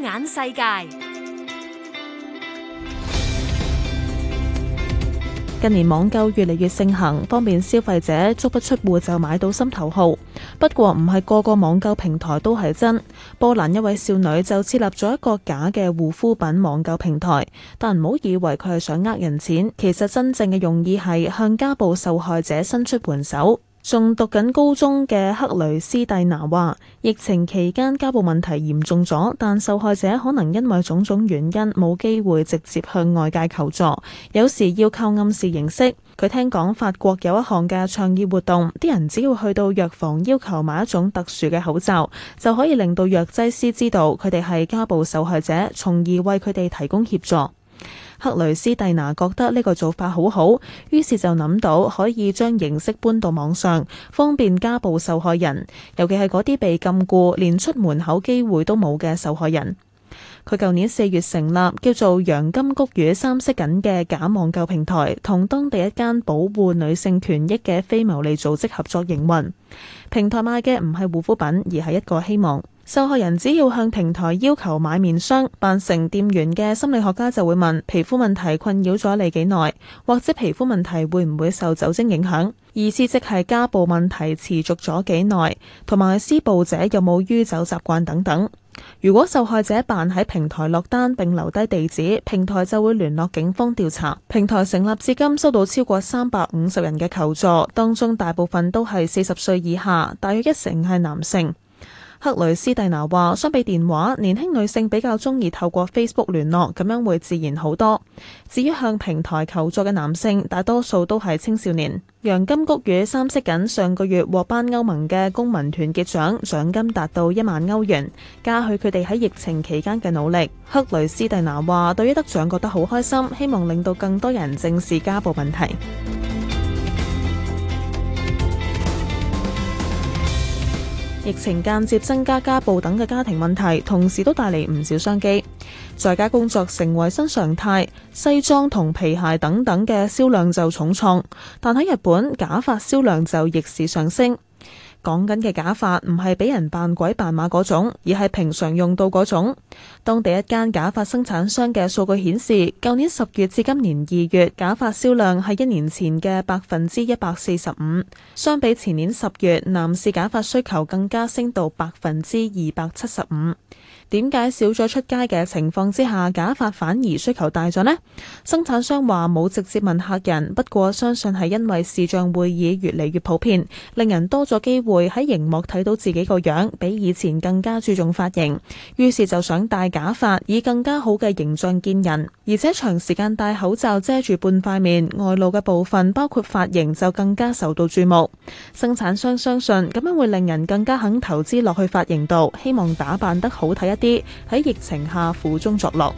眼世界近年網購越嚟越盛行，方便消費者足不出戶就買到心頭好。不過唔係個個網購平台都係真。波蘭一位少女就設立咗一個假嘅護膚品網購平台，但唔好以為佢係想呃人錢，其實真正嘅用意係向家暴受害者伸出援手。仲讀緊高中嘅克雷斯蒂娜話，疫情期間家暴問題嚴重咗，但受害者可能因為種種原因冇機會直接向外界求助，有時要靠暗示形式。佢聽講法國有一項嘅倡議活動，啲人只要去到藥房要求買一種特殊嘅口罩，就可以令到藥劑師知道佢哋係家暴受害者，從而為佢哋提供協助。克雷斯蒂娜覺得呢個做法好好，於是就諗到可以將形式搬到網上，方便家暴受害人，尤其係嗰啲被禁錮、連出門口機會都冇嘅受害人。佢舊年四月成立叫做「陽金谷雨三色緊」嘅假網購平台，同當地一間保護女性權益嘅非牟利組織合作營運。平台賣嘅唔係護膚品，而係一個希望。受害人只要向平台要求買面霜，扮成店員嘅心理學家就會問皮膚問題困擾咗你幾耐，或者皮膚問題會唔會受酒精影響；意思即係家暴問題持續咗幾耐，同埋施暴者有冇酗酒習慣等等。如果受害者扮喺平台落單並留低地址，平台就會聯絡警方調查。平台成立至今收到超過三百五十人嘅求助，當中大部分都係四十歲以下，大約一成係男性。克雷斯蒂娜話：相比電話，年輕女性比較中意透過 Facebook 聯絡，咁樣會自然好多。至於向平台求助嘅男性，大多數都係青少年。楊金菊與三色緊上個月獲頒歐盟嘅公民團結獎，獎金達到一萬歐元，嘉許佢哋喺疫情期間嘅努力。克雷斯蒂娜話：對於得獎覺得好開心，希望令到更多人正視家暴問題。疫情間接增加家暴等嘅家庭問題，同時都帶嚟唔少商機。在家工作成為新常態，西裝同皮鞋等等嘅銷量就重創，但喺日本，假髮銷量就逆市上升。講緊嘅假髮唔係俾人扮鬼扮馬嗰種，而係平常用到嗰種。當地一間假髮生產商嘅數據顯示，舊年十月至今年二月，假髮銷量係一年前嘅百分之一百四十五，相比前年十月，男士假髮需求更加升到百分之二百七十五。點解少咗出街嘅情況之下，假髮反而需求大咗呢？生產商話冇直接問客人，不過相信係因為視像會議越嚟越普遍，令人多咗機會喺熒幕睇到自己個樣，比以前更加注重髮型，於是就想戴假髮以更加好嘅形象見人。而且長時間戴口罩遮住半塊面，外露嘅部分包括髮型就更加受到注目。生產商相信咁樣會令人更加肯投資落去髮型度，希望打扮得好睇一啲，喺疫情下苦中作樂。